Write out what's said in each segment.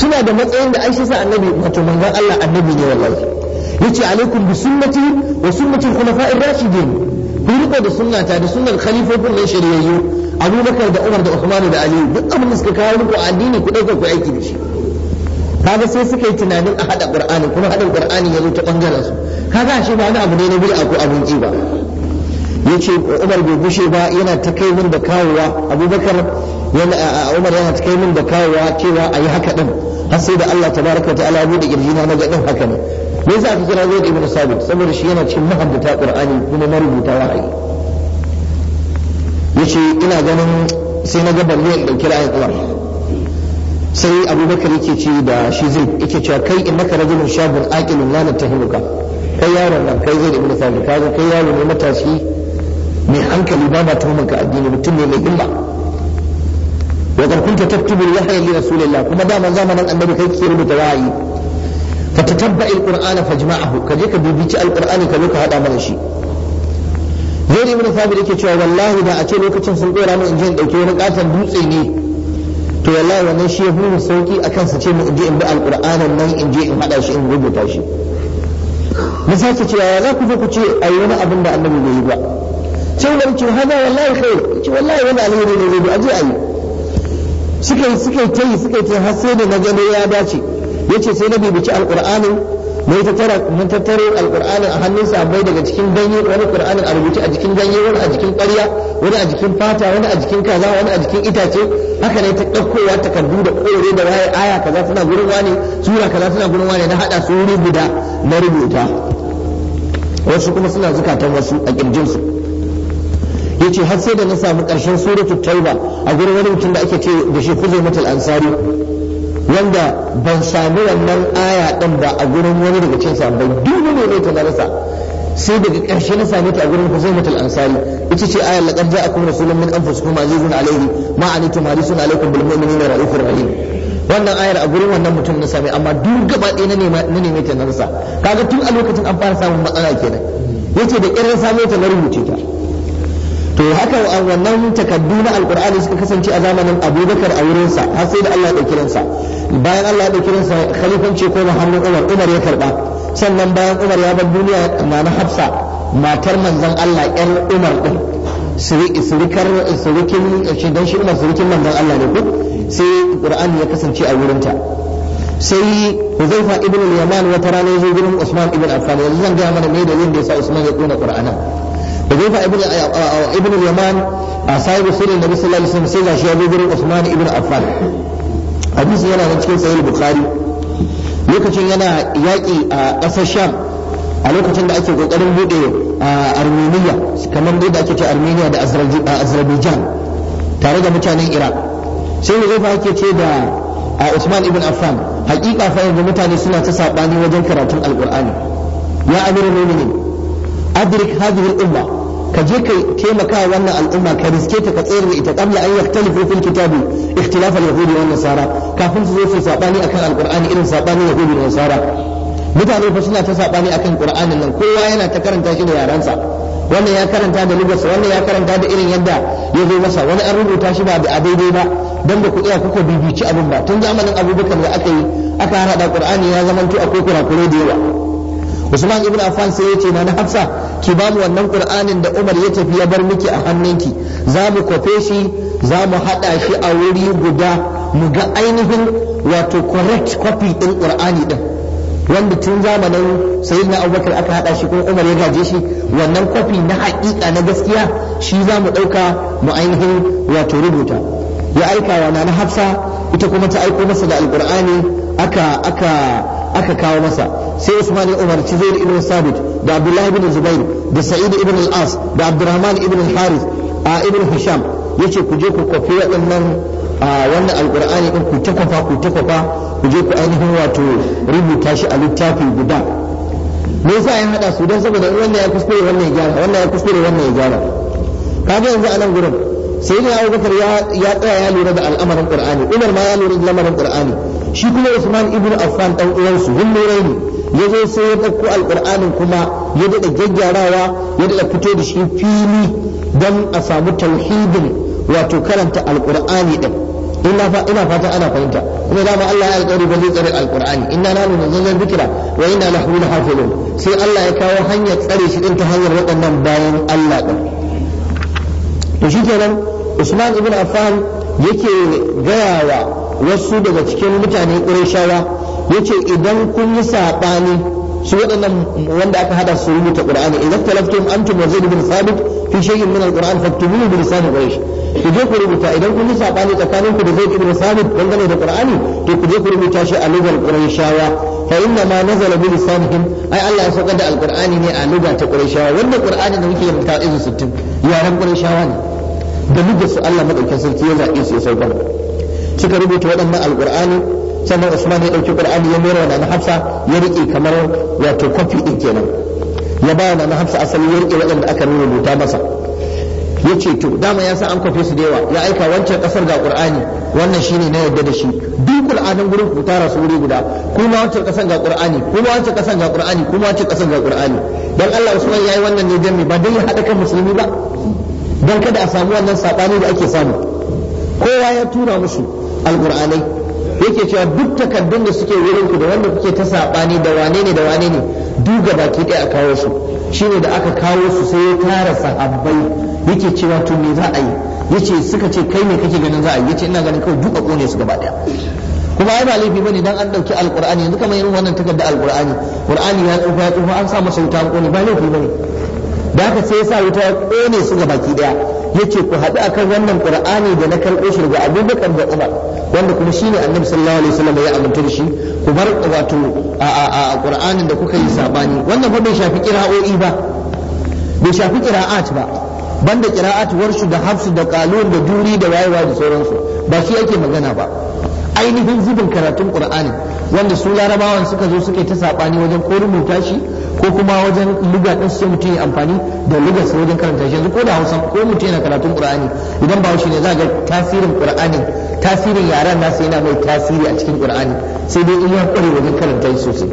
suna da matsayin da an shi sa annabi wato manzon Allah annabi ne wallahi yace alaikum bi sunnati wa sunnati khulafa'ir rashidin ku riko da sunnata da sunnar khalifofin nan shariyayyu Abubakar da Umar da Uthman da Ali duk abin da suka kawo muku addini ku dauka ku aiki da shi kaga sai suka yi tunanin a hada Qur'ani kuma hadin Qur'ani ya zo ta bangaren su kaga shi ba wani abu ne na bid'a ko abinci ba ya ce umar bai gushe ba yana ta kai min da kawowa abubakar yana umar yana ta kai min da kawowa cewa a yi haka ɗin har sai da allah ta tabaraka ta'ala buɗe ƙirji na ga ɗin haka ne me yasa aka kira zai ibn sabit saboda shi yana cikin mahaddata qur'ani kuma marubuta wahayi yace ina ganin sai na ga balle in dauki ra'ayin umar sai abubakar yake ce da shi zai yake cewa kai in maka rajulun shabun aqilun la natahimuka kai yaron nan kai zai ibn sabit kaga kai yaron ne matashi mai hankali ba ba tuhumar ka addini mutum ne mai illa wa qad kunta taktubu al-wahya li rasulillah kuma da man zamanin annabi kai ke rubuta wahayi fa tatabba'i al-qur'ana fajma'ahu ka je ka bibici al-qur'ani ka zo ka hada mana shi zai ibn sabir yake cewa wallahi da a ce lokacin sun dora mu in je in dauke wani katon dutse ne to wallahi wannan shi ya hura sauki akan su ce mu in je in bi alqur'anin nan in je in hada shi in rubuta shi na sake cewa ya za ku zo ku ce ayi wani abin da annabi bai yi ba cewa ce hada wallahi kai ce wallahi wani alheri ne zai aje ayi suka yi suka ta yi suka ta har sai da na gano ya dace yace sai na bibici alqur'anin mai tattara mun tattaro alqur'anin a hannun sabai daga cikin ganye wani qur'anin a rubuce a jikin ganye wani a jikin ƙarya wani a jikin fata wani a jikin kaza wani a jikin itace haka ne ta ɗaukowa takardu da ƙore da waye aya kaza suna gurin wane sura kaza tana gurin wane na haɗa su wuri guda na rubuta wasu kuma suna zukatan wasu a ƙirjinsu yace har sai da na samu karshen suratul tauba a gurin wani mutum da ake ce da shi mutal ansari wanda ban samu wannan aya din ba a gurin wani daga cikin sahabbai dubu ne ta na rasa sai daga ƙarshe na sami ta a gurin mutal Ansari ita ce ayar laqad ja'akum rasulun min anfusikum azizun alayhi ma anitum harisun alaykum bil mu'minina raufur rahim wannan ayar a gurin wannan mutum na sami amma duk gaba ɗaya na neme ta na rasa kaga tun a lokacin an fara samun matsala kenan yace da irin same ta na rubuce ta to haka wannan takaddu na alkur'ani suka kasance a zamanin abubakar a wurinsa har sai da allah ya ɗauki ransa bayan allah ya ɗauki ransa khalifanci ko hannun umar umar ya karba. sannan bayan umar ya bar duniya na na hafsa matar manzon allah yar umar ɗin surikar surikin shi dan shi umar surikin manzon allah ne ko sai qur'ani ya kasance a wurinta sai huzaifa ibn al-yaman wata rana ya zo gurin usman ibn affan yanzu zan ga mana me dalilin da yasa usman ya ƙona qur'anan حذيفة ابن ابن اليمان صاحب سير النبي صلى الله عليه وسلم سيدا شيخ ابن عثمان ابن عفان حديث yana nan cikin sahih bukhari lokacin yana yaƙi a ƙasar sham a lokacin da ake ƙoƙarin buɗe a uh, armeniya kamar da ake ce armeniya da uh, azerbaijan tare da mutanen iraq sai huzaifa ake ce da a uh, usman ibn affan hakika fa yanzu mutane suna ta saɓani wajen karatun alƙur'ani ya amirul mu'minin adrik hadhihi al-umma ka je ka taimaka wannan al'umma ka riske ta ka tsayar da ita kabla an yaktalifu fil kitabi ikhtilaf al yahudi wa nasara kafin su zo su sabani akan alqur'ani irin sabani yahudi wa nasara mutane fa suna ta sabani akan qur'anin nan kowa yana ta karanta shi da yaransa wannan ya karanta da lugarsa wannan ya karanta da irin yadda ya zo masa wani an rubuta shi ba a daidai ba dan ba ku iya kuka bibici abin ba tun zamanin abubakar da aka yi aka hada qur'ani ya zamanto akwai kurakurai da yawa usman ibn affan sai ya ce na hafsa ki ba mu wannan qur'anin da Umar ya tafi ya bar miki a hannunki za mu kwafe shi za mu hada shi a wuri guda mu ga ainihin wato correct copy din qur'ani din wanda tun zamanin sayyidina abubakar aka hada shi kuma umar ya gaje shi wannan kwafi na haƙiƙa na gaskiya shi za mu ɗauka mu ainihin wato rubuta ya aika wa na hafsa ita kuma ta aiko masa da Alkur'ani aka aka aka kawo masa sai Usman Umar ci zai ibn Sabit da Abdullah ibn Zubair da Sa'id ibn al-As da Abdurrahman ibn al-Harith a ibn Hisham yace ku je ku kofi waɗannan wannan alqur'ani din ku ta kofa ku ta kofa ku je ku ainihin wato rubuta shi a littafi guda me yasa ya hada su Dan saboda wannan ya kuskure wannan ya gyara wannan ya kuskure wannan ya gyara kaga yanzu a nan gurin sai da abubakar ya tsaya ya lura da al'amarin qur'ani umar ma ya lura da lamarin qur'ani shi kuma usman ibn affan dan uwansu su lura ne ya zo sai ya dauko alqur'anin kuma ya dada gaggyarawa ya dada fito da shi fili dan a samu tauhidin wato karanta alqur'ani din ina fata ana fahimta kuma dama Allah ya alƙawari ba zai tsare alƙur'ani inna nanu nazzalna dhikra wa inna lahu lahafizun sai Allah ya kawo hanyar tsare shi din ta hanyar waɗannan bayan Allah din to shi kenan usman ibn affan yake gaya wa wasu daga cikin mutane ƙurashawa yace idan kun yi saɓani su waɗannan wanda aka hada su ta qur'ani idan talaftum antum wa zaid bin sabit fi shay'in min al-qur'an faktubuhu bi lisan quraish ku je ku rubuta idan kun yi saɓani tsakanin ku da zaid ibn sabit dangane da qur'ani to ku je ku rubuta shi a lugar qurayshawa فإن ما نزل بلسانهم أي الله يسوق القرآن ني على لغة قريشاوة وإن القرآن ده muke karanta izu 60 yaran Qurayshawa ne da su Allah madaukakin sarki ya zaɓe su ya saukar suka rubuta waɗannan alƙur'ani sannan Usman ya ɗauki ƙur'ani ya mera wa na Hafsa ya riƙe kamar wato kwafi ɗin kenan ya ba wa na Hafsa asali ya riƙe waɗanda aka rubuta masa ya ce to dama ya san an kwafe su da yawa ya aika wancan kasar ga qur'ani wannan shine na yadda da shi duk Qur'anin gurin ku tara su wuri guda kuma wancan kasar ga qur'ani kuma wancan kasar ga qur'ani kuma wancan kasar ga qur'ani dan Allah Usman yayi wannan ne dan ba dai ya hada kan musulmi ba don kada a samu wannan saɓani da ake samu kowa ya tura musu alƙur'anai yake cewa duk takardun da suke wurin ku da wanda kuke ta saɓani da wane ne da wane ne duga baki ɗaya a kawo su shine da aka kawo su sai ya tara sahabbai yake cewa to me za a yi yace suka ce kai ne kake ganin za a yi yace ina ganin kawai duk a kone su gaba ɗaya kuma ai ba laifi bane dan an dauki alqur'ani yanzu kamar irin wannan takardar alqur'ani qur'ani ya tsufa ya tsufa an sa masa wuta kone ba laifi bane da haka sai sa wuta ya kone su ga baki daya yace ku haɗu akan wannan qur'ani da na karɓo shi daga abubakar da umar wanda kuma shine annabi sallallahu alaihi wasallam ya aminta shi ku bar wato a qur'anin da kuka yi sabani wannan fa bai shafi qira'o'i ba bai shafi qira'at ba banda qira'at warshu da hafsu da qalun da duri da wayewa da sauransu ba shi ake magana ba ainihin zubin karatun qur'ani wanda su larabawan suka zo suka yi ta sabani wajen ko rubuta shi ko kuma wajen luga din sai mutum ya amfani da luga sai wajen karanta shi yanzu ko da Hausa ko mutum yana karatun Qur'ani idan ba shi ne za ga tasirin Qur'anin tasirin yaran nasu yana mai tasiri a cikin Qur'ani sai dai in ya kware wajen karanta shi sosai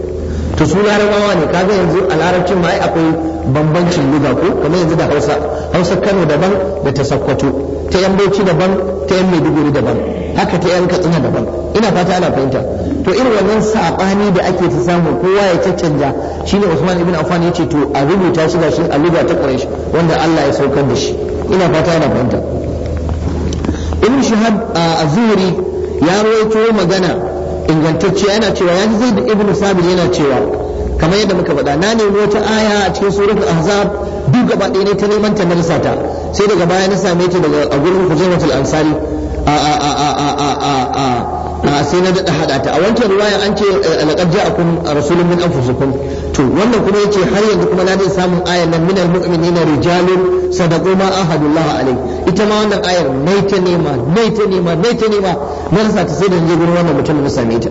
to su larabawa ne kaga yanzu a larabcin ma akwai bambancin luga ko kamar yanzu da Hausa Hausa Kano daban da ta Sokoto ta yan Bauchi daban ta yan Maiduguri daban haka ta yan Katsina daban ina fata ana fahimta to irin wannan sabani da ake ta samu kowa ya caccanja shine Usman ibn Affan yace to a rubuta shi gashi a rubuta ta Quraysh wanda Allah ya saukar da shi ina fata ana fahimta Ibn Shihab az-Zuhri ya rawaito magana ingantacce yana cewa ya ji da Ibn Sabir yana cewa kamar yadda muka faɗa na nemi wata aya a cikin suratul ahzab duk gaba ɗaya ne ta neman ta narsa ta sai daga baya na same ta daga a gurin hujjatul ansari a a a a a a sai na daɗa haɗa ta a wancan ruwaya an ce alaƙar eh, a rasulun min anfusukum to wannan kuma yace har yanzu kuma na dai samun ayar nan minal na rijalun sadaqu ma ahadullah alai ita ma wannan ayar mai ta nema mai ta nema mai ta nema na rasa ta sai da je gurin wannan mutumin na same ta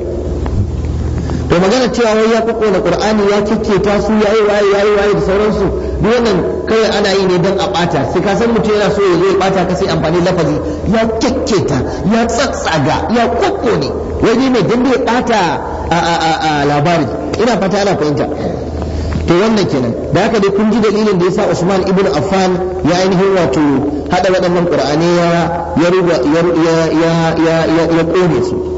to magana cewa wai ya da qur'ani ya ta su yayi waye yayi waye da sauransu duk wannan kai ana yi ne dan a bata sai ka san mutum yana so ya zo ya bata ka sai amfani lafazi ya ta ya tsatsaga ya ne wai ne mai dambe ya bata a labari ina fata ana fahimta to wannan kenan da haka dai kun ji dalilin da yasa Usman ibn Affan ya ainihin wato hada waɗannan qur'ani ya ya ya ya ya ya su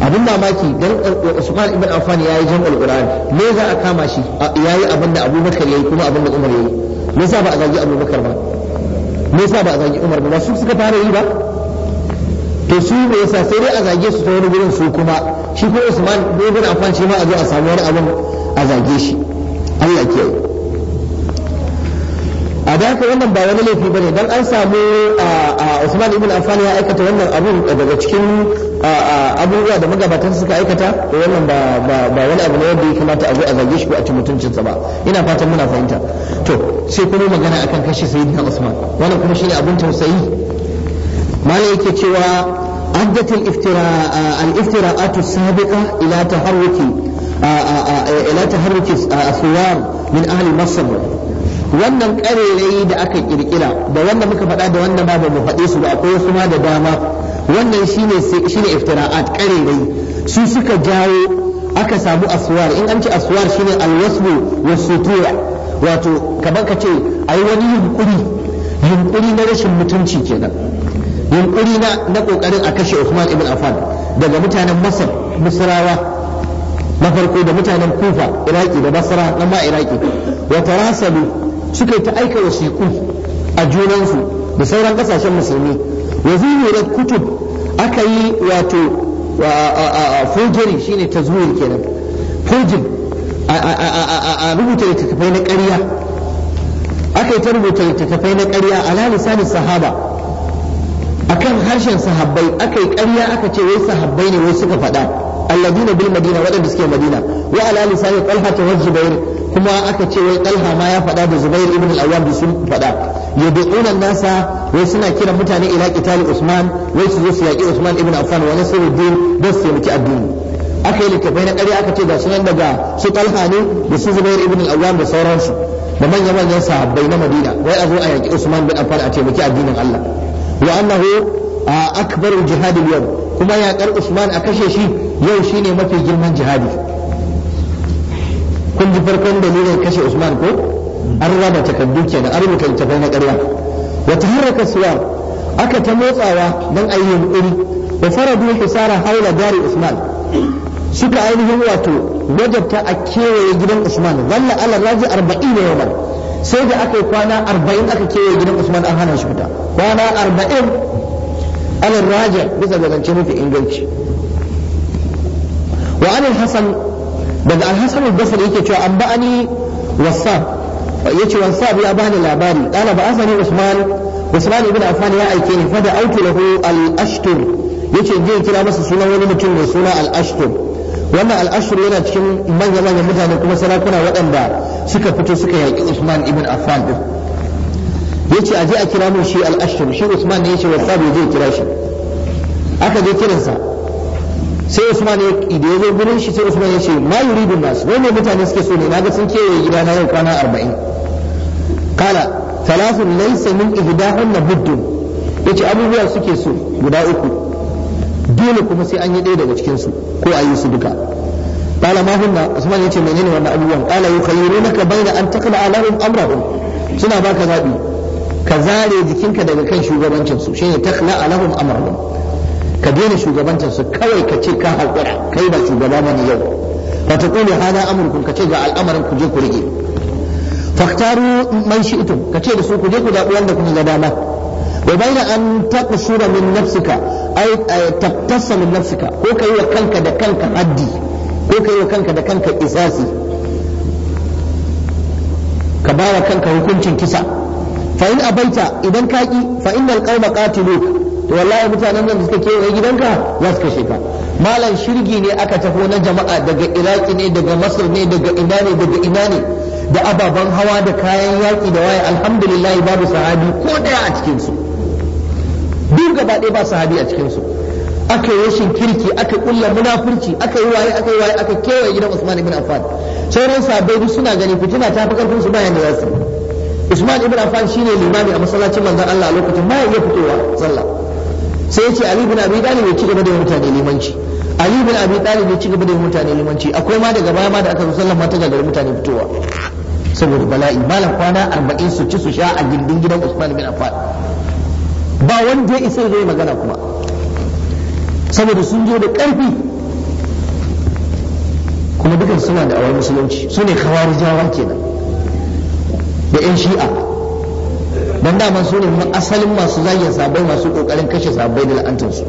abin mamaki dan eh, eh, Usman ibn Affan yayi jam'ul Qur'an me za a kama shi yayi abin da Abubakar yayi kuma abin da Umar yayi me yasa ba a zagi Abubakar ba me yasa ba a zagi Umar ba ba su suka fara yi ba to su me yasa sai dai a zage su ta wani gurin su kuma shi ko Usman ibn Affan shi ma a zo a samu wani abin a zage shi Allah kiyaye a da haka wannan ba wani laifi bane dan an samu a Usman ibn Affan ya aikata wannan abun daga cikin abubuwa da magabatan suka aikata to wannan ba ba wani abu ne wanda ya kamata a zo a zage shi ko a ci mutuncin sa ba ina fatan muna fahimta to sai kuma magana akan kashe sayyidina Usman wannan kuma shine abun tausayi malai yake cewa أدت الافتراء الافتراءات السابقة إلى تحرك إلى تحرك الثوار من أهل مصر wannan ƙarerayi da aka ƙirƙira da wanda muka faɗa da wanda ba mu faɗe su ba akwai wasu ma da dama wannan shine shine iftira'at ƙarerayi su suka jawo aka samu aswar in an ce aswar shine alwasbu wasutura wato kaman ka ce ai wani yunkuri yunkuri na rashin mutunci kenan yunkuri na na kokarin a kashe usman ibn Affan daga mutanen Masar Misrawa na farko da mutanen Kufa Iraki da Basra na ma Iraki wa tarasalu suka yi ta aika wasiƙu a junansu da sauran ƙasashen musulmi wa zuhurar kutub aka yi wato fujiri shine tazwir kenan fujir a rubuta littattafai na ƙarya aka yi ta rubuta littattafai na ƙarya ala lisanin sahaba akan harshen sahabbai aka yi ƙarya aka ce wai sahabbai ne wai suka faɗa alladina bil madina waɗanda suke madina wa ala lisanin talha ta wajhi bayr kuma aka ce wai talha ma ya faɗa da zubair ibn al-awwam da sun faɗa yad'una nasa wai suna kiran mutane ila usman wai su zo su yaki usman ibn affan wa nasruddin don su taimaki addini aka yi littafai na ƙarya aka ce ga daga su talha ne da su zubair ibn al-awwam da sauransu da manya manyan sahabbai na madina wai a zo a yaki usman bin affan a taimaki addinin allah wa annahu a jihad al-yawm kuma yaƙar usman a kashe shi yau shine mafi girman jihadi kun ji farkon dalilin kashe usman ko an raba takardu kenan da rubuta littafai na ƙarya wata harraka suwa aka ta motsawa don a yi yunƙuri biyu faradu hisara haula dari usman suka ainihin wato wajabta a kewaye gidan usman walla ala raji arba'in ne yawan sai da aka yi kwana arba'in aka kewaye gidan usman an hana shi fita kwana arba'in ala raji bisa ga zance mafi inganci wa Hassan. daga alhassan al-basri yake cewa an ba'ani wasab yace wasab ya bani labari qala ba asani usman usman ibn affan ya aike ni fa da autu lahu al-ashtur yace je kira masa sunan wani mutum mai suna al-ashtur wannan al-ashtur yana cikin manyan manyan mutane kuma sarakuna waɗanda suka fito suka yaƙi usman ibn affan din yace aje a kira mun shi al-ashtur shi usman ne yace wasab ya je kira shi aka je kiransa sai Usman ya zo gurin shi sai Usman ya ce ma yuridu nas wai ne mutane suke so ne ga sun kewaye gida na yau kwana 40 kala thalathun laysa min na buddun yace abubuwa suke so guda uku dole kuma sai an yi ɗaya daga cikin su ko a yi su duka kala ma hunna Usman yace menene wannan abubuwan kala yukhayyirunaka baina an taqla alahum amrahum suna baka zabi ka zare jikinka daga kan shugabancin su shine takla alahum amrahum ka daina shugabancin su kawai ka ce ka haƙura kai ba shugaba ba ne yau fa ta kulu hada amurkum ka ce ga al'amarin ku je ku rige faktaru man shi'tum ka ce da su ku je ku zaɓi wanda kuma ga dama wa bayna an taqshura min nafsika ay taktassa min nafsika ko kai wa kanka da kanka haddi ko kai wa kanka da kanka isasi ka ba wa kanka hukuncin kisa fa in abaita idan ka fa innal qawma qatiluka wallahi mutanen nan da suka kewaye gidanka za su kashe ka malam shirgi ne aka tafi na jama'a daga iraki ne daga masar ne daga ina ne daga ina ne da ababen hawa da kayan yaƙi da waye alhamdulillah babu sahabi ko ɗaya a cikinsu duk gaba ɗaya ba sahabi a cikinsu aka yi rashin kirki aka kulla munafurci aka yi waye aka yi waye aka kewaye gidan Usman ibn Affan sauran sahabbai duk suna gani fitina ta fi karfin su bayan da za su Usman ibn Affan shine limami a masallacin manzon Allah a lokacin ma ya fitowa sallah sai ya ce ali bin abi talib ya ci gaba da mutane limanci ali bin abi talib ya ci gaba da mutane limanci akwai ma daga baya ma da aka zo sallan mata gagar mutane fitowa saboda bala'i malam kwana arba'in su ci su sha a gindin gidan usman bin affan ba wanda ya isa zai magana kuma saboda sun je da karfi kuma dukan suna da awar musulunci su ne kawar jawa kenan da yan shi'a dan daman su ne asalin masu zagin sabai masu kokarin kashe sabai da la'antar su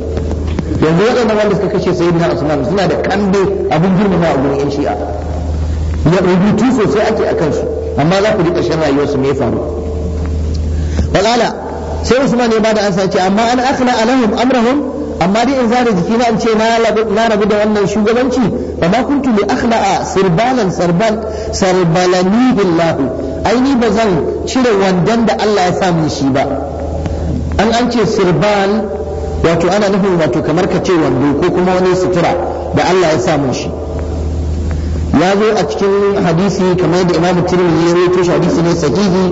yanzu waɗannan wanda suka kashe sayyidina usman suna da kande abin girmama a gurin yan shi'a ya rubutu sosai ake a kansu amma za ku ji ƙarshen rayuwarsu me ya faru walala sai usman ya bada ansa ce amma an akhna alahum amrahum amma dai in zara na in ce na rabu da wannan shugabanci ba ma kuntu li akhla'a sirbalan sarban sarbalani billahu aini ba zan cire wandon da Allah ya samu shi ba an an ce sirban wato ana nufin wato kamar ka ce wando ko kuma wani sutura da Allah ya samu shi ya zo a cikin hadisi kamar da imam tirmidhi ya rawaito shi hadisi ne sahihi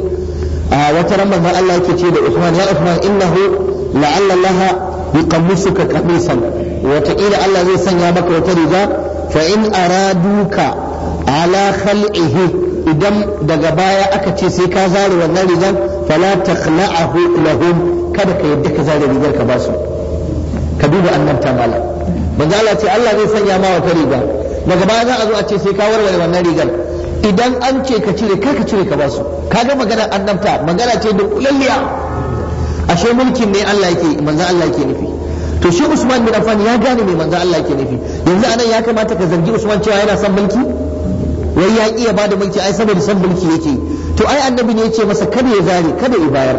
a wata ramban Allah yake ce da Uthman ya Uthman innahu la'alla Allah yuqammusuka qamisan wata ila Allah zai sanya maka wata riga fa in araduka ala khal'ihi idan daga baya aka ce sai ka zare wannan rigar fala taqla'ahu lahum kada ka yadda ka zare rigar ka basu ka duba annan tamala manzo Allah ce Allah zai sanya ma wata riga daga baya za a zo a ce sai ka warware wannan rigar idan an ce ka cire kai ka cire ka basu kaga magana annabta magana ce da kulalliya ashe mulkin ne Allah yake manzo Allah yake nufi to shi Usman bin Affan ya gane me manzo Allah yake nufi yanzu anan ya kamata ka zargi Usman cewa yana son mulki wai ya ƙi ya bada mulki ai saboda san mulki yake to ai annabi ne yace masa kada ya zare kada ya bayar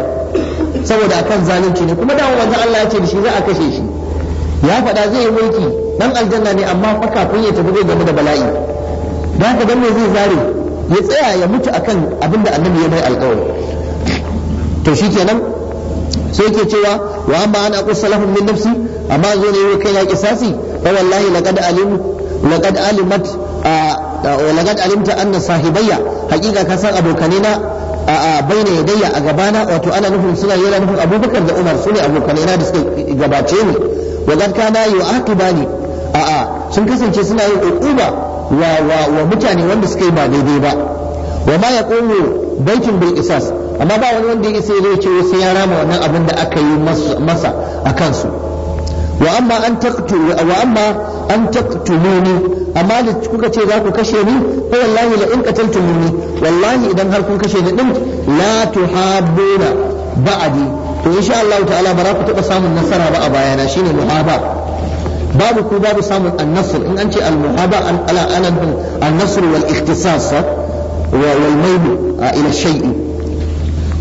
saboda akan zalunci ne kuma dawo manzo Allah ya ce da shi za a kashe shi ya faɗa zai yi mulki dan aljanna ne amma fa kafin ya tafi zai game da bala'i da haka dan me zai zare ya tsaya ya mutu akan abinda annabi ya mai alƙawari to shikenan sai yake cewa wa amma ana aqus lahum min nafsi amma zo ne kai ya kisasi fa wallahi laqad alimu laqad alimat walaqad alimta anna sahibayya hakika ka san abokane na a baina yadayya a gabana wato ana nufin suna yana nufin abubakar da umar sune abokane na da suka gabace ni walaqad kana yu'aqibani a'a sun kasance suna yin uquba wa mutane wanda suka yi ba daidai ba wa ma yaqumu bankin bil isas amma ba wani wanda ya isa ya ce wasu ya rama wannan abin da aka yi masa a kansu wa amma an taqtulu amma da kuka ce za ku kashe ni ko wallahi la in qataltumuni wallahi idan har kun kashe ni din la tuhabbuna ba'di to insha Allah ta'ala ba za ku taba samun nasara ba a bayana shine muhabba babu ku babu samun annasr in an ce al-muhaba an ala alam an-nasr wal ikhtisas wal ila shay'in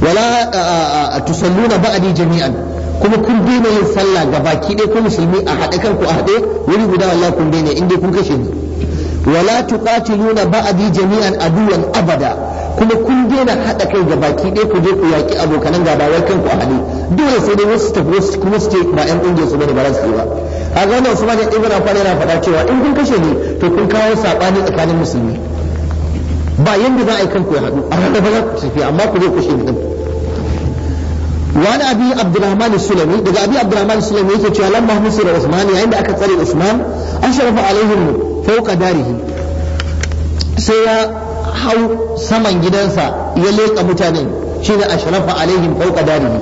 wala tusalluna ba'di jami'an kuma kun daina yin sallah ga baki ɗaya ko musulmi a haɗe kanku a haɗe wuri guda wallahi kun daina inda kun kashe ni wala tuqatiluna ba'di jami'an aduwan abada kuma kun daina haɗa kai ga baki ɗaya ku je ku yaƙi abokanan gaba wai kanku a haɗe dole sai dai wasu tafi wasu kuma su ce ba ƴan ƙungiyar su bane ba za su yi ba a ga wannan Usman ibn Affan yana faɗa cewa in kun kashe ni to kun kawo sabani tsakanin musulmi ba yanda za a yi kanku ya haɗu a ranar ba za ku tafi amma ku je ku wani abi abdurrahman sulami daga abi abdurrahman sulami yake cewa lamma musu da usman yayin da aka tsare usman ashrafa alaihim fawqa darihi sai ya hau saman gidansa ya leƙa mutane shine ashrafa alaihim fawqa darihi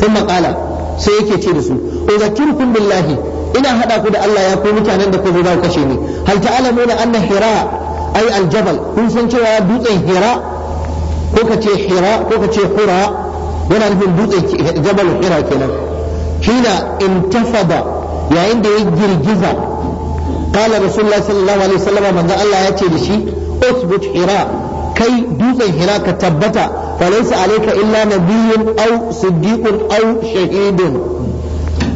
sun maƙala sai yake ce da su uzakkirukum billahi ina haɗa ku da Allah ya ku mutanen da ku zo za ku kashe ni hal ta'lamuna anna hira ay aljabal kun san cewa dutsen hira ko ka ce hira ko ka ce yana nufin dutse jabal hira kenan hina intafada yayin da ya girgiza qala rasulullahi sallallahu alaihi wasallam manzo Allah ya ce da shi usbut hira kai dutsen hira ka tabbata falaysa alayka illa nabiyyun aw siddiqun aw shahidun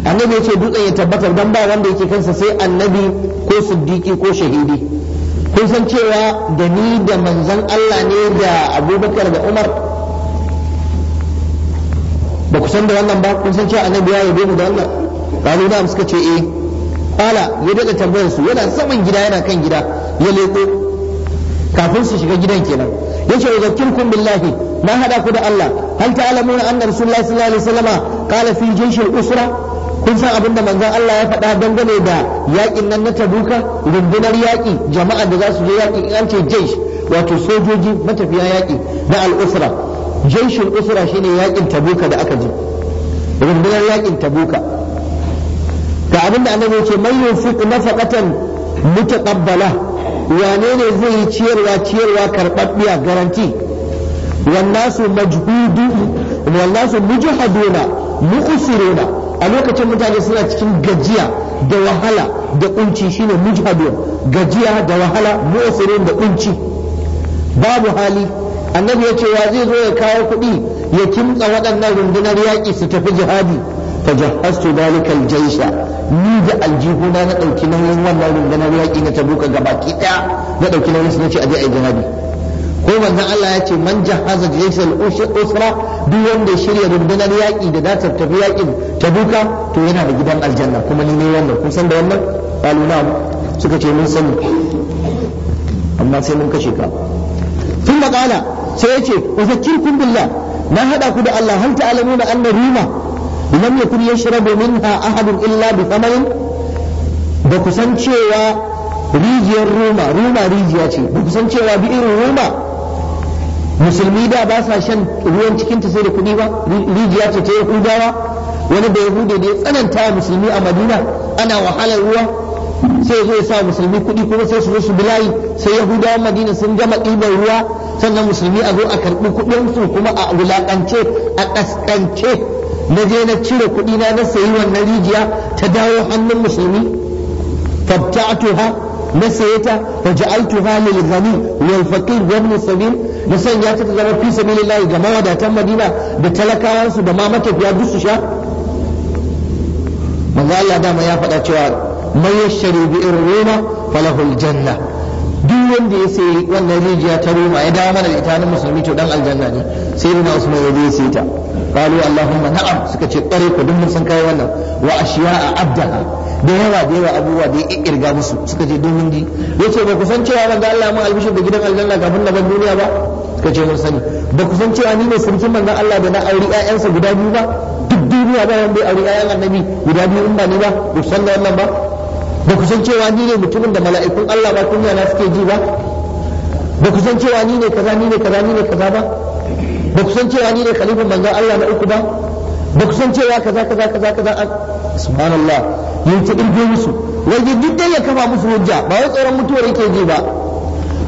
annabi ya ce dutsen ya tabbata dan ba wanda yake kansa sai annabi ko siddiqi ko shahidi kun san cewa da ni da manzon Allah ne da Abubakar da Umar ba ku san da wannan ba kun san cewa annabi ya yabe mu da wannan da na'am suka ce eh kala ya daga tambayar su yana saman gida yana kan gida ya leko kafin su shiga gidan kenan yace wa zakirkum billahi na hada ku da Allah hal ta'lamun anna rasulullahi sallallahu alaihi wasallama kala fi jayshil usra kun san abin da manzon Allah ya faɗa dangane da yakin nan na Tabuka rundunar yaki jama'a da za su je yaki in an ce jaysh wato sojoji matafiya yaki na al-usra jaishul usra shine yakin tabuka da aka ji rundunar yakin tabuka ga abinda annabi yace mai yunfiqu nafaqatan mutaqabbala wane ne zai yi ciyarwa ciyarwa karbabbiya garanti wannasu majhudu wannasu mujahaduna muqsiruna a lokacin mutane suna cikin gajiya da wahala da kunci shine mujhadun gajiya da wahala muqsirun da kunci babu hali annabi ya ce wa zai zo ya kawo kuɗi ya kimta waɗannan rundunar yaƙi su tafi jihadi ta jahastu dalikal jaisha ni da aljihuna na ɗauki nauyin wannan rundunar yaƙi na tabuka gabaki ɗaya na ɗauki nauyin su na ce a je a jihadi ko manzon Allah ya ce man jahaza jaisal usra duk wanda shirya rundunar yaƙi da za ta tafi yaƙin tabuka to yana da gidan aljanna kuma ni ne wannan kun san da wannan qalu suka ce mun sani amma sai mun kashe ka ثم قال sai yace uzakirkum billah na hada ku da Allah hal ta'lamuna anna rima lam yakun yashrabu minha ahadun illa bi thamarin ba ku san cewa rijiyar ruma. Ruma rijiya ce ba ku san cewa bi irin ruma musulmi da ba sa shan ruwan cikinta sai da kuɗi ba rijiya ce ta yahudawa wani da yahude da ya tsananta musulmi a madina ana wahalar ruwa sai zo ya sa musulmi kuɗi kuma sai su zo su bilayi sai yahudawan madina sun gama ɗiban ruwa sannan musulmi a zo a karɓi kuɗin kuma a wulaƙance a ƙasƙance na je na cire kuɗi na na sayi wannan rijiya ta dawo hannun musulmi tabta'tuha na saye ta wa ja'altuha lil ghani wal faqir wa ibn sabil na sanya ta ta zama fi sabilillah ga mawadatan madina da talakawansu da ma matafiya duk su sha manzo Allah dama ya faɗa cewa man yashtaru bi roma falahul janna duk wanda ya sayi wannan rijiya ta roma ya dawo mana da ita na musulmi to dan aljanna ne sai na usman ya je sai ta qalu allahumma na'am suka ce kware ku duk mun san kai wannan wa ashiya'a abdaha da yawa da yawa abubuwa da ya kirga musu suka ce duk mun ji yace ba ku san cewa ban manzo Allah mun albishir da gidan aljanna kafin na ban duniya ba suka ce mun sani ba ku san cewa ni ne sarkin manzon Allah da na auri ƴaƴansa guda biyu ba duk duniya ba wanda ya auri ƴaƴan annabi guda biyu in ba ni ba ku san da wannan ba ba ku san cewa ni ne mutumin da mala'ikun Allah ba kunya na suke ji ba ba ku san cewa ni ne kaza ni ne kaza ni ne kaza ba ba ku san cewa ni ne khalifan manzon Allah na uku ba ba ku san cewa kaza kaza kaza kaza subhanallah yin ta dirgo musu wai duk dai ya kafa musu hujja ba wai tsoron mutuwar yake ji ba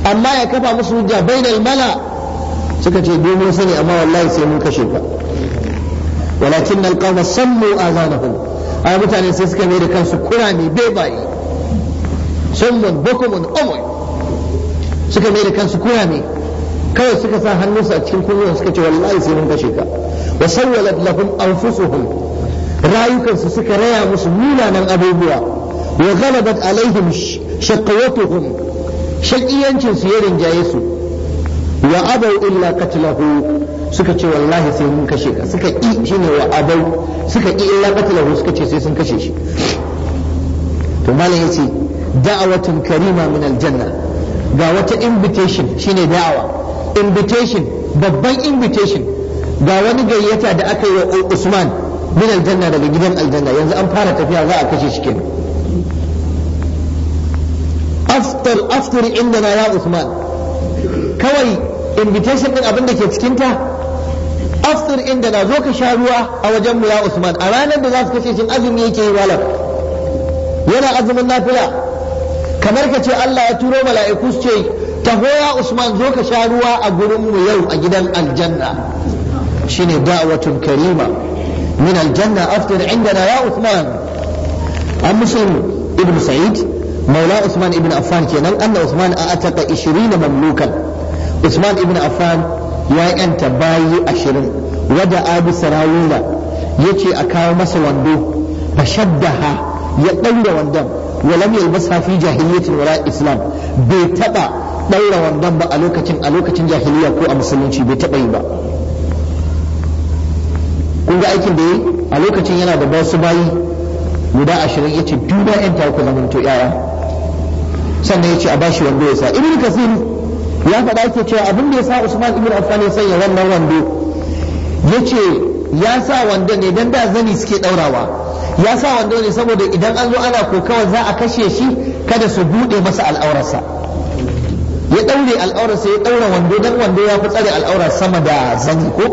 amma ya kafa musu hujja bainal mala suka ce domin sani amma wallahi sai mun kashe ka walakin alqawma sammu azanahum a mutane sai suka mai da kansu kurame bebaye shammun bukumun umar suka mai da kansu kurame kawai suka sa hannunsu a cikin kunnuwan suka ce wallahi sai mun kashe ka wa sawwalat lahum anfusuhum rayukansu suka raya musu munanan abubuwa wa ghalabat alaihim shaqawatuhum shaqiyancin su ya rinjaye su wa abau illa qatlahu suka ce wallahi sai mun kashe ka suka ki shine wa abau suka ki illa qatlahu suka ce sai sun kashe shi to malam yace da'awatun karima min aljanna ga wata invitation shine da'awa invitation babban invitation ga wani gayyata da aka yi wa Usman min aljanna daga gidan aljanna yanzu an fara tafiya za a kashe shi kenan aftar aftar indana ya Usman kawai invitation din abin da ke cikinta afsir inda na zo ka sha ruwa a wajen mu ya usman a ranar da za su kashe cin azumi yake yi malam yana azumin nafila kamar ka ce Allah ya turo mala'iku su ce taho ya usman zo ka sha ruwa a gurin mu yau a gidan aljanna shine da'watun karima min aljanna aftir indana ya usman an muslim ibn sa'id maula usman ibn affan kenan anna usman a ataka 20 mamlukan usman ibn affan ya yanta bayi ashirin wada abu sarawula ya ce a kawo masa wando fa shaddaha ya ɗaura wandon walam yalbasa fi jahiliyyatin wala islam bai taɓa ɗaura wandon ba a lokacin a lokacin jahiliya ko a musulunci bai taɓa yi ba kun ga aikin da yi a lokacin yana da basu bayi guda ashirin ya ce duba yan ta ku zamanto yaya sannan ya ce a bashi wando ya sa ibn kasir ya faɗa ke cewa abin da ya sa Usman ibn Affan ya sanya wannan wando yace ya sa wando ne dan da zani suke daurawa ya sa wando ne saboda idan an zo ana kokawa za a kashe shi kada su bude masa al'aurarsa ya daure al'aurarsa ya daura wando dan wando ya fi tsare al'aurar sama da zani ko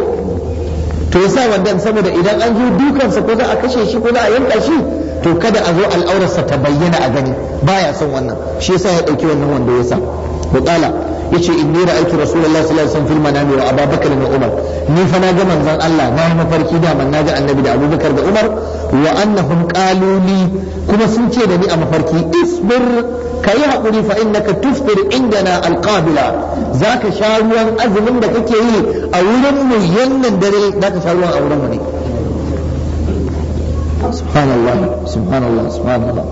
to ya sa wandon saboda idan an zo dukansa ko za a kashe shi ko za a yanka shi to kada a zo al'aurarsa ta bayyana a gani baya son wannan shi yasa ya dauki wannan wando ya sa yace inni ra'aytu rasulullahi sallallahu alaihi wasallam fil manami wa ababakar da umar ni fa na ga manzon Allah na yi mafarki da man naji annabi da abubakar da umar wa annahum qalu li kuma sun ce da ni a mafarki isbir kayi hakuri fa innaka tuftir indana alqabila zaka sha ruwan azumin da kake yi a wurin mu yannan dare zaka sha ruwan a wurin mu ne subhanallah subhanallah subhanallah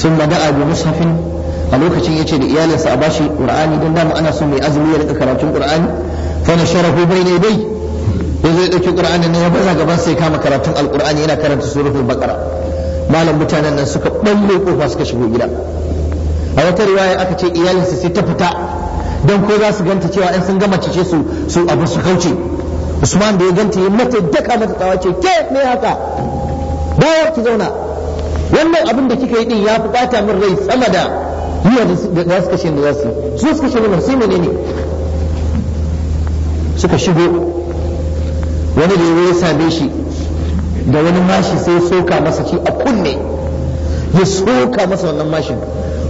ثم دعا بمصحف a lokacin yace da iyalinsa a bashi qur'ani dan dama ana so mai azumi ya rika karatun qur'ani fa na sharahu bayna yadai yazo ya dauki qur'ani ne ya baza gaban sai kama karatun alqur'ani yana karanta suratul baqara malam mutanen nan suka ɓalle kofa suka shigo gida a wata riwaya aka ce iyalinsa sai ta fita don ko za su ganta cewa ɗan sun gama ce su su abu su kauce usman da ya ganta ya mata daka mata tsawa ce ke me haka dawo ki zauna wannan abin da kika yi din ya fi bata min rai sama da yiwa da za su kashe da za su su su kashe mana ne. suka shigo wani da ya same shi da wani mashi sai soka masa ci a kunne ya soka masa wannan mashin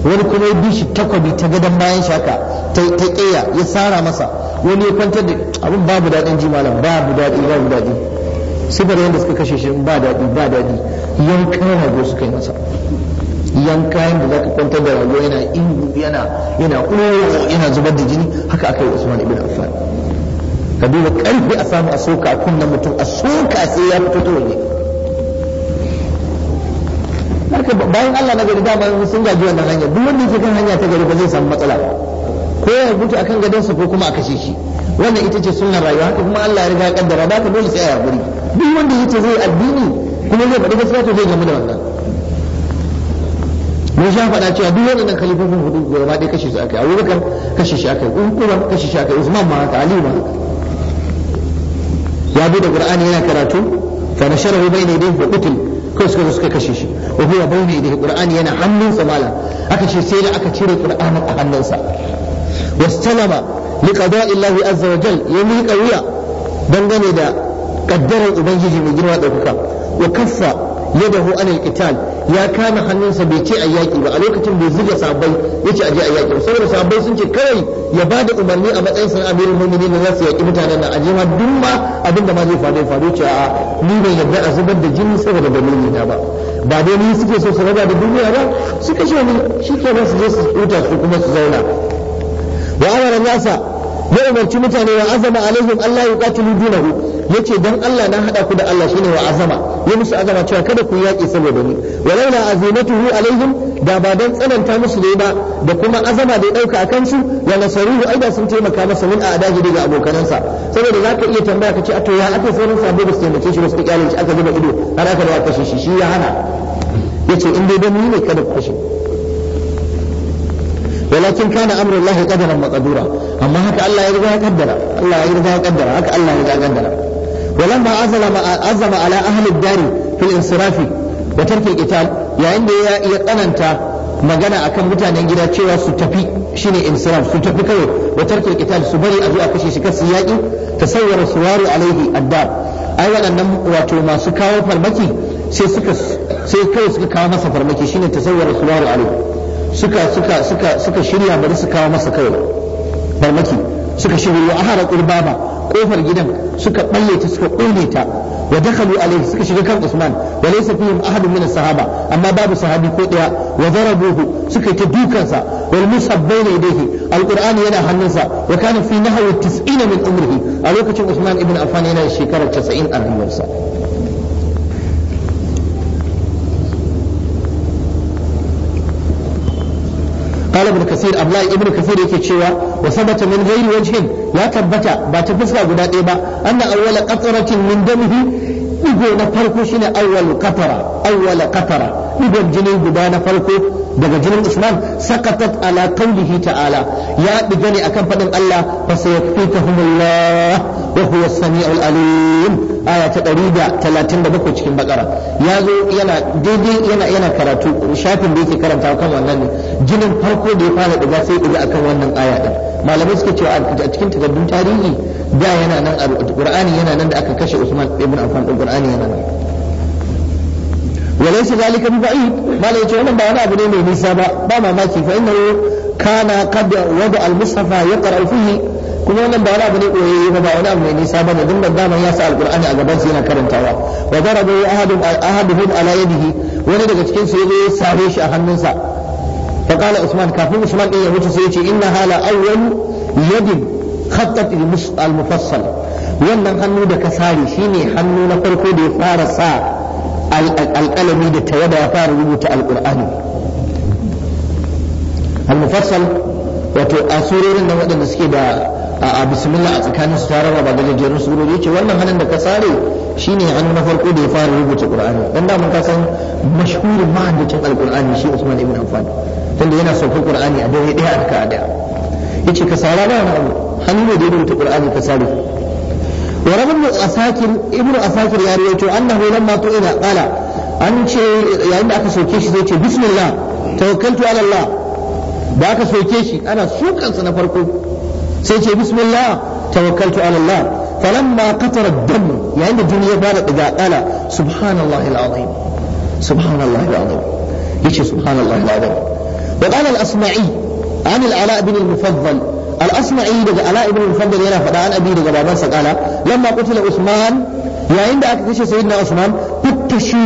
wani kuma ya bi shi takwabi ta gadon bayan shaka ta ta keya ya sara masa wani ya kwantar da abin babu daɗin ji malam babu daɗi babu daɗi sifar yadda suka kashe shi ba daɗi ba daɗi yankan rago suka yi masa kayan da za ka kwantar da rago yana ingu yana yana yana zubar da jini haka aka yi Usman ibn Affan ka duba karfi a samu a soka a kunna mutum a soka sai ya fito ta waje haka bayan Allah na gari dama sun gaji wannan hanya duk wanda yake kan hanya ta gari ba zai samu matsala ko ya mutu akan gadonsa ko kuma a kashe shi wannan ita ce sunnar rayuwa haka kuma Allah ya riga ya kaddara ba ka dole sai a guri duk wanda yake zai addini kuma zai faɗi gaskiya to zai gamu da wannan mun sha faɗa cewa duk waɗannan kalifofin hudu gaba ɗaya kashe su aka yi abubakar kashe shi aka yi umar kashe shi aka yi usman ma haka ali ma ya bude qur'ani yana karatu fa nasharahu bayna yadayhi fa qutil kai suka zo suka kashe shi wa huwa bayna yadayhi qur'ani yana hannunsa mala aka ce sai da aka cire qur'anin a hannunsa wastalama liqada'i Allah azza wa jal ya miƙa wuya dangane da kaddarar ubangiji mai girma da ɗaukaka wa kaffa yadahu anil qital ya kama hannunsa bai ce a yaƙi ba a lokacin bai zuga sabai ya ce a je a yaƙi ba saboda sabai sun ce kawai ya ba da umarni a matsayin sa amirin mummuni na za su yaƙi mutanen nan a je ma duk ma abin da ma zai faru ya faru ce a ni bai yarda a zubar da jini saboda dalili na ba ba dai ni suke so su raba da duniya ba suka ce ni ke su je su huta su kuma su zauna wa amara nasa ya umarci mutane wa azama alaihim Allah ya qatilu ya yace dan Allah na hada ku da Allah shine wa azama ya musu azama cewa kada ku yaƙi saboda ni walaula azimatuhu alaihim da ba dan tsananta musu ne ba da kuma azama da ya dauka a kansu wa nasaruhu aida sun taimaka masa min a adaji daga abokanansa saboda zaka iya tambaya ka ce a ato ya aka sauran sabo da su taimake shi wasu su kyale shi aka zuba ido har aka da kashe shi shi ya hana yace in dai dan ni ne kada ku kashe ولكن كان امر الله قدرا مقدورا اما هكا الله يرضى قدر الله يرضى قدر هكا الله يرضى قدر ولما عزم ala على اهل الدار في الانصراف وترك القتال yayin da ya tsananta magana akan mutanen gida cewa su tafi shine insiraf su tafi kawai wa tarkil qital su bari a zo a kashe shi kasu yaki tasawwara suwaru alaihi addab ai waɗannan wato masu kawo farmaki sai suka sai kawai suka kawo masa farmaki shine tasawwar suwaru alaihi suka suka suka suka shirya bari su kawo masa farmaki suka shirya ahara qurbaba kofar gidan suka balle ta suka kone ta wa dakhalu alayhi suka shiga kan Usman wa laysa fihim ahadin min as-sahaba amma babu sahabi ko daya wa darabuhu suka ta dukansa wal musab bayna yadayhi alquran yana hannunsa wa kana fi nahwi 90 min umrihi a lokacin Usman ibn Affan yana shekara 90 a rayuwarsa قال ابن كثير أبلاء ابن كثير يكي تشيوا وثبت من غير وجه لا تبتا باتفسك قد إبا أن أول قطرة من دمه يقول نفرقو شنو أول قطرة أول قطرة يقول جنين قدان فرقو daga jinin islam sakatat ala qawlihi ta'ala ya diga ne akan fadin Allah fa sayakfikahumullah wa huwa as-sami'ul alim aya ta 137 cikin bakara ya zo yana daidai yana yana karatu shafin da yake karanta kan wannan ne jinin farko da ya fara diga sai diga akan wannan aya din malamai suka cewa a cikin takaddun tarihi da yana nan alqur'ani yana nan da aka kashe Usman ibn Affan alqur'ani yana nan walaysa zalika bi ba'id malai ce wannan ba wani abu ne mai nisa ba ba mamaki fa innahu kana qad wada al-mushafa yaqra fihi kuma wannan wani abu ne koyayye ba ba wani abu mai nisa ba ne dinda dama ya sa alqur'ani a gaban sa yana karantawa wa daraba a ahaduhum ala wani daga cikin su yazo ya sare shi a hannunsa fa qala usman kafin usman din ya mutu sai ya ce inna hala awwal yadin khattat al-mufassal wannan hannu da ka sare shine hannu na farko da ya fara sa alƙalami da tawada ya fara rubuta alƙur'ani al-mufassal wato a surorin da waɗanda suke da a bismillah a tsakanin su tare ba da jajjerun surori yace wannan halin da ka tsare shine hannu na farko da ya fara rubuta qur'ani dan da mun ka san mashhurin mahaddacin alqur'ani shi Usman ibn Affan tunda yana saukar qur'ani a dare daya a daya yace ka sara ba wani abu hannu da ya rubuta qur'ani ka sare ورغم ابن أفاكر ابن أساكر يعني أنه لما تؤذى قال أن شيء يعني أكا سوكيش بسم الله توكلت على الله باكا سوكيش أنا سوكا سنفركو سيكي بسم الله توكلت على الله فلما قطر الدم يعني الدنيا بارد إذا قال سبحان الله العظيم سبحان الله العظيم يشي سبحان الله العظيم وقال الأسمعي عن العلاء بن المفضل al-asma'i daga ala ibn yana faɗa an abi daga babansa kala lamma qutila usman yayin da aka kashe sayyidina usman futtashu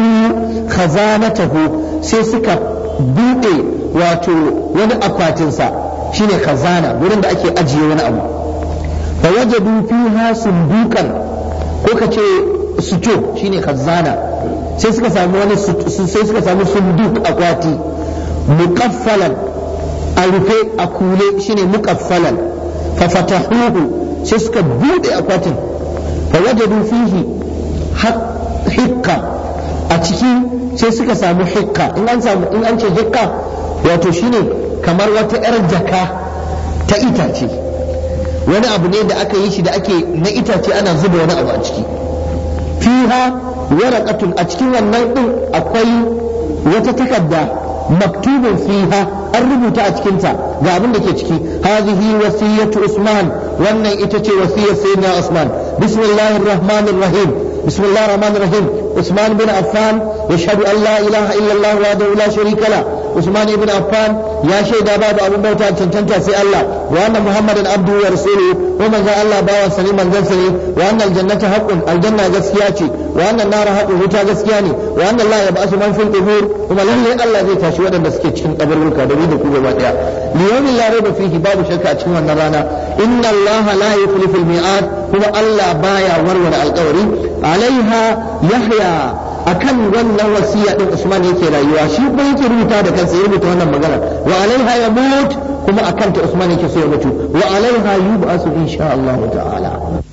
khazanatahu sai suka buɗe wato wani akwatinsa shine khazana wurin da ake ajiye wani abu fa wajadu fiha sundukan ko kace suto shine khazana sai suka samu sunduk akwati muqaffalan a rufe a kule shine mukaffalan fa fatahuhu sai suka bude akwatin fa wajadu fihi hikka a ciki sai suka samu hikka in an samu in an ce hikka wato shine kamar wata yar jaka ta itace wani abu ne da aka yi shi da ake na itace ana zuba wani abu a ciki fiha waraqatun a cikin wannan din akwai wata takarda maktubun fiha an rubuta a cikinta ga abin da ke ciki hazihi wasiyatu usman wannan ita ce wasiyar sayyidina usman bismillahir rahmanir rahim bismillahir rahmanir rahim usman bin affan yashhadu an la ilaha illallah wa la sharika kala. usman ibn affan ya shaida babu abin bauta cancanta sai Allah wa anna muhammadan abdu wa rasuluhu wa manzo Allah bawa sani manzon sani wa anna aljannata haqqun aljanna gaskiya ce wa anna nar haqqun wuta gaskiya ne wa anna la yab'asu man fil qubur kuma lalle Allah zai tashi waɗanda suke cikin kabarurka da da ku gaba daya li yawmin la rayba fihi babu shakka a cikin wannan rana inna Allah la yukhlifu al mi'ad kuma Allah baya warware alƙawari alaiha yahya akan wannan wasiya din Usman yake rayuwa shi ko yake rubuta da kansa ya rubuta wannan magana wa alaiha ya mutu kuma akan ta Usman yake so ya mutu wa alaiha yub'asu insha Allah ta'ala